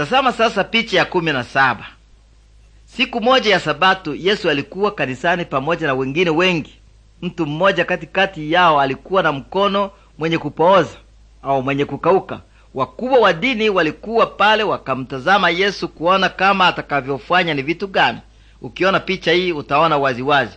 Tazama sasa picha ya kumi na saba. Siku moja ya Sabato Yesu alikuwa kanisani pamoja na wengine wengi. Mtu mmoja katikati yao alikuwa na mkono mwenye kupooza au mwenye kukauka. Wakubwa wa dini walikuwa pale wakamtazama Yesu kuona kama atakavyofanya ni vitu gani. Ukiona picha hii utaona waziwazi.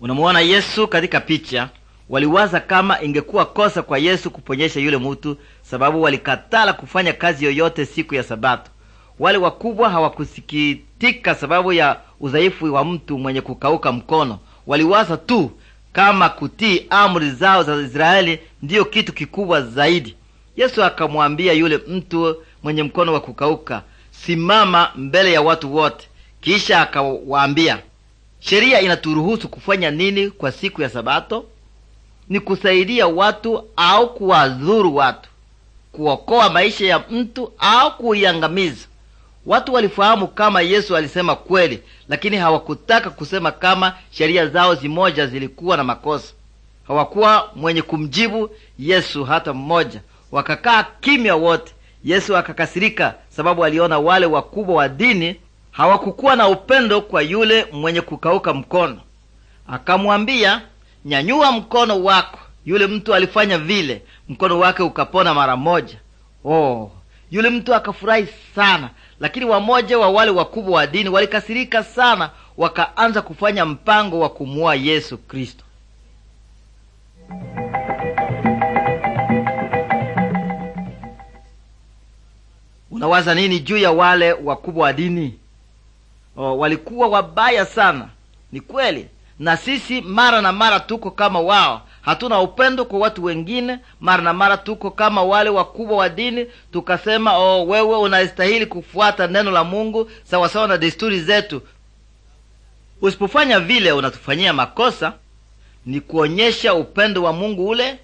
Unamuona Yesu katika picha waliwaza kama ingekuwa kosa kwa Yesu kuponyesha yule mutu, sababu walikatala kufanya kazi yoyote siku ya Sabato. Wale wakubwa hawakusikitika sababu ya udhaifu wa mtu mwenye kukauka mkono. Waliwaza tu kama kutii amri zao za Israeli ndiyo kitu kikubwa zaidi. Yesu akamwambia yule mtu mwenye mkono wa kukauka, simama mbele ya watu wote. Kisha akawaambia, sheria inaturuhusu kufanya nini kwa siku ya Sabato? ni kusaidia watu au kuwadhuru watu, kuokoa maisha ya mtu au kuiangamiza. Watu walifahamu kama Yesu alisema kweli, lakini hawakutaka kusema kama sheria zao zimoja zilikuwa na makosa. Hawakuwa mwenye kumjibu Yesu hata mmoja, wakakaa kimya wote. Yesu akakasirika, sababu aliona wale wakubwa wa dini hawakukuwa na upendo kwa yule mwenye kukauka mkono. Akamwambia, nyanyua mkono wako. Yule mtu alifanya vile, mkono wake ukapona mara moja. Oh, yule mtu akafurahi sana, lakini wamoja wa wale wakubwa wa dini walikasirika sana, wakaanza kufanya mpango wa kumua Yesu Kristo. Unawaza nini juu ya wale wakubwa wa dini? Oh, walikuwa wabaya sana, ni kweli na sisi mara na mara tuko kama wao. Hatuna upendo kwa watu wengine, mara na mara tuko kama wale wakubwa wa dini, tukasema oh, wewe unastahili kufuata neno la Mungu sawasawa na desturi zetu. Usipofanya vile, unatufanyia makosa. Ni kuonyesha upendo wa Mungu ule